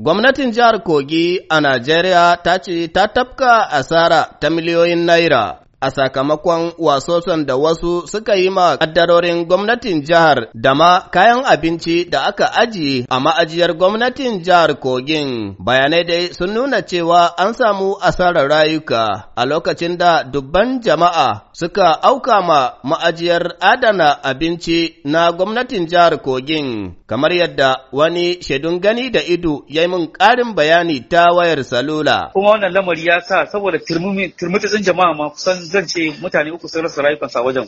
Gwamnatin jihar Kogi a Najeriya ta ce ta tafka asara ta miliyoyin naira a sakamakon wasoson da wasu suka yi ma kaddarorin gwamnatin jihar da ma kayan abinci da aka ajiye a ma'ajiyar gwamnatin jihar Kogin. Bayanai dai sun nuna cewa an samu asarar rayuka a lokacin da dubban jama'a suka auka ma ma'ajiyar adana abinci na gwamnatin jihar Kogin kamar yadda wani shaidun gani da ido ya yi min ƙarin bayani ta wayar salula. Kuma wannan lamari ya sa saboda turmutsin jama'a ma kusan zan ce mutane uku sun rasa rayukansu a wajen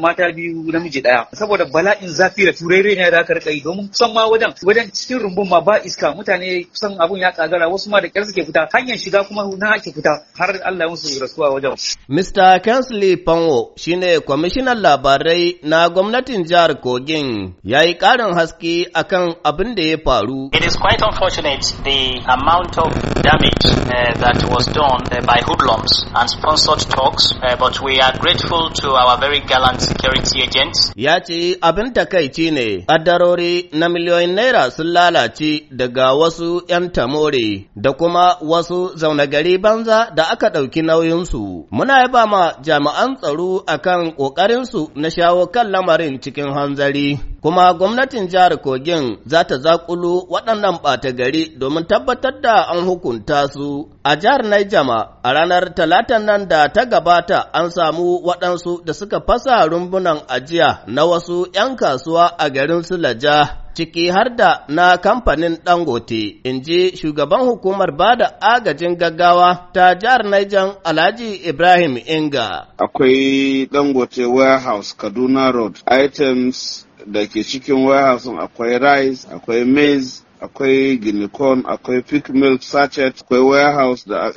mata biyu namiji ɗaya. Saboda bala'in zafi da turere ne da aka rika domin kusan ma wajen wajen cikin rumbun ma ba iska mutane kusan abun ya kagara wasu ma da ƙyar suke fita hanyar shiga kuma na ake fita har Allah ya musu rasuwa wajen. Mr. Kensley Panwo shine kwamishinan labarai na gwamnatin jihar Kogin ya yi ƙarin haske haske akan abin da ya faru. It is quite unfortunate the amount of damage uh, that was done uh, by hoodlums and sponsored talks, uh, but we are grateful to our very gallant security agents. Ya ce abin takaici ne, ƙaddarori na miliyoyin naira sun lalace daga wasu 'yan tamore da kuma wasu zaune gari banza da aka ɗauki nauyinsu. Muna yaba ma jami'an tsaro akan ƙoƙarinsu na shawo kan lamarin cikin hanzari. kuma gwamnatin jihar Kogin za ta zakulu waɗannan ɓata gari domin tabbatar da an hukunta su. A jihar Naijama a ranar talatan nan da ta gabata an samu waɗansu da suka fasa rumbunan ajiya na wasu ‘yan kasuwa a garin Sulaja. ciki har da na kamfanin Dangote, in ji shugaban hukumar ba da agajin gaggawa ta jihar Niger Alhaji Ibrahim Inga. Akwai Dangote Warehouse Kaduna Road items da ke cikin warehouse akwai rice, akwai maize, akwai guinea corn akwai pig milk sachet akwai warehouse da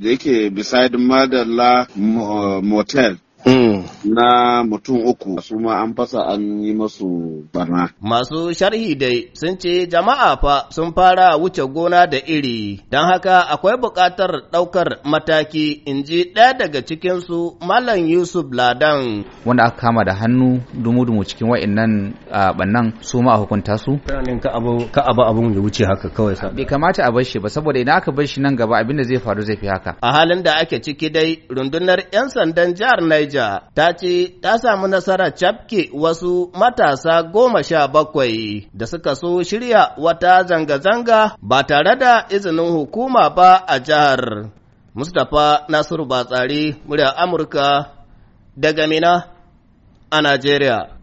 yake beside madalla motel hmm. na mutum uku su ma an fasa an yi masu barna. Masu sharhi dai sun ce jama'a fa sun fara wuce gona da iri don haka akwai buƙatar ɗaukar mataki in ji ɗaya daga cikinsu Malam Yusuf Ladan. Wanda aka kama da hannu dumu-dumu cikin wa'innan bannan su ma a hukunta su. Ka abu abun ya wuce haka kawai sa. Bai kamata a bar shi ba saboda idan aka bar shi nan gaba abin da zai faru zai fi haka. A halin da ake ciki dai rundunar 'yan sandan jihar Niger ta ta ce ta samu nasarar cafke wasu matasa goma sha bakwai da suka so shirya wata zanga-zanga ba tare da izinin hukuma ba a jihar. Mustapha Nasiru Batsari, murya Amurka, daga Mina a Najeriya.